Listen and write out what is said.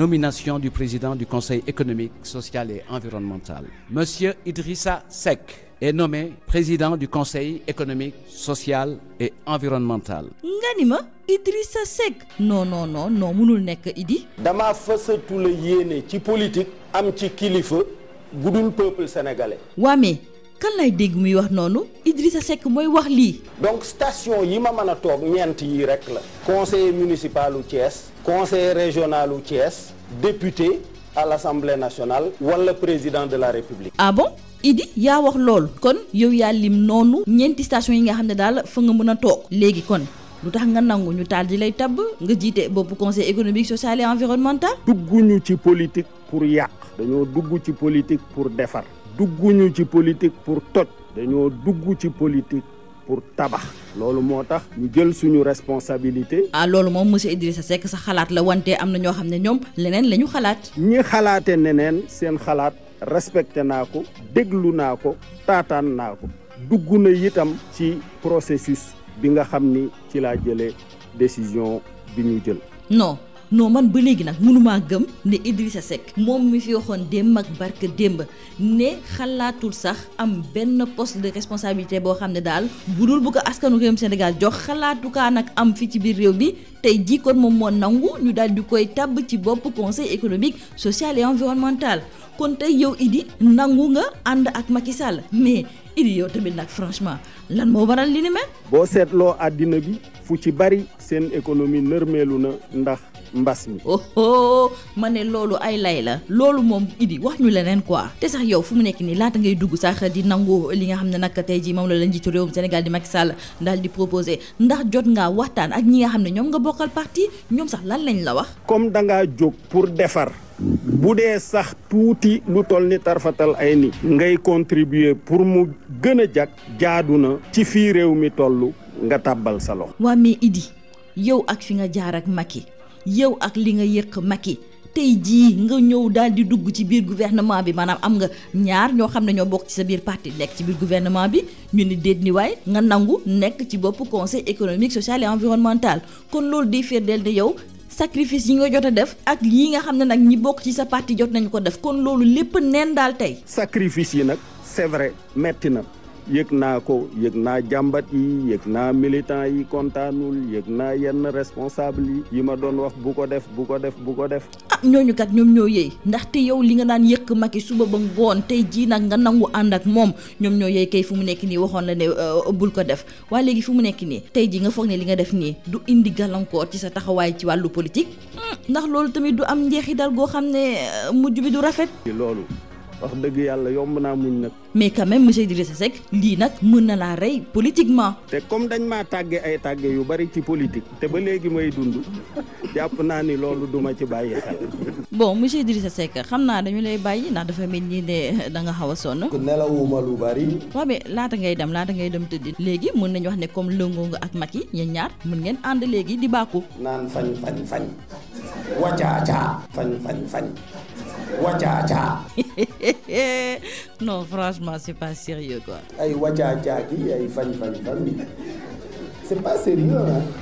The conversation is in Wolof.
nomination du président du Conseil économique, social et environnemental. Monsieur Idrissa Sek est nommé président du Conseil économique, social et environnemental. Nganima Idrissa Sek non non non non mënul nekk Idi. dama le yéene ci politique am ci vous peuple sénégalais. Wami kan lay dégg muy wax Idrissa Seck donc station yi ma municipal ou Thiès. conseiller régional ou député à l'Assemblée nationale. le président de la République. ah bon Idi yaa wax loolu. kon yow lim station yi nga xam fa nga kon. nga ñu di lay nga conseil économique social et environnemental. dugguñu ci politique pour yàq. dañoo dugg ci politique pour defar. Nous ci politique pour tout Nous avons ci politique pour tabax loolu moo tax ñu jël suñu responsabilité ah loolu moom monsieur Idrissa Seck sa xalaat la wante am na ñoo xam ne ñoom xalaat ñi xalaate neneen seen xalaat respecté naa ko ko taataan naa dugg na ci processus bi nga une ni ci laa décision non non man ba léegi nag munuma gëm ne Idrissa Seck moom mi fi waxoon démb ak barke démb ne xalaatul sax am benn poste de responsabilité boo xam ne daal bu dul bu ko askanu réewum Sénégal jox xalaatu kaa nag am fi ci biir réew mi tey jii kon moom moo nangu ñu daal di koy tàbb ci bopp conseil économique social et environnemental kon tey yow Idi nangu nga ànd ak Macky Sall mais Idi yow tamit nag franchement lan moo waral li ni mel. boo seetloo àddina bi fu ci bari seen économie nërmeelu na ndax mbas mi. oh ma ne loolu ay lay la loolu moom iddi wax ñu leneen quoi te sax yow fu mu nekk nii laata ngay dugg sax di nangu li nga xam ne nag tey jii moom la la njiitu réewum Sénégal di Macky daal di proposé ndax jot nga waxtaan ak ñi nga xam ne ñoom nga bokkal parti ñoom sax lan lañ la wax. comme da ngaa jóg pour defar. bu dee sax tuuti lu toll ni tarfatal ay ni ngay contribuer pour mu gën a jag jaadu na ci fii réew mi toll nga tàbbal sa loxo. waa mais Idi yow ak fi nga jaar ak Macky yow ak li nga yëq Macky tey jii nga ñëw daal di dugg ci biir gouvernement bi maanaam am nga ñaar ñoo xam ne ñoo bokk ci sa biir parti nekk ci biir gouvernement bi ñu ni déet nga nangu nekk ci boppu conseil économique social et environnemental kon loolu day firndeel ne yow sacrifice yi nga jot a def ak yi nga xam ne nag ñi bokk ci sa parti jot nañu ko def kon loolu lépp nen daal tey. sacrifice yi nag c'est vrai metti na. yëg naa ko yëg naa jàmbat yi yëg naa militant yi kontaanul yëg naa yenn responsable yi yi ma doon wax bu ko def bu ko def bu ko def. ah ñooñu kat ñoom ñoo yëy ndaxte yow li nga naan yëg Maki suba ba ngoon tey jii nag nga nangu ànd ak moom ñoom ñoo yëy kay fu mu nekk nii waxoon la ne euh, bul ko def waa léegi fu mu nekk nii tey jii nga foog ne li nga def nii du indi gàllankoor ci sa taxawaay ci wàllu politique. Hmm, ndax loolu tamit du am njeexital goo xam ne euh, mujj bi du rafet. loolu. wax dëgg yàlla yomb naa muñ nag. mais quand même di Idrissa Seck lii nag mën na laa rey politiquement. te comme dañ maa tàgge ay tàgge yu bari ci politique te ba léegi may dund jàpp naa ni loolu duma ci bàyyi xel. bon monsieur Idrissa Seck xam naa dañu lay bàyyi ndax dafa mel nii ne danga nga xaw a sonn. nelawuma lu bari. waaw mais laata ngay dem laata ngay dem tëddi. léegi mën nañu wax ne comme lëngoo nga ak Macky yéen ñaar mën ngeen ànd léegi di bàkku. naan fañ fañ fañ. wacaaca. fañ fañ Eh, non franchement c'est pas sérieux quoi c'est pas sérieux hein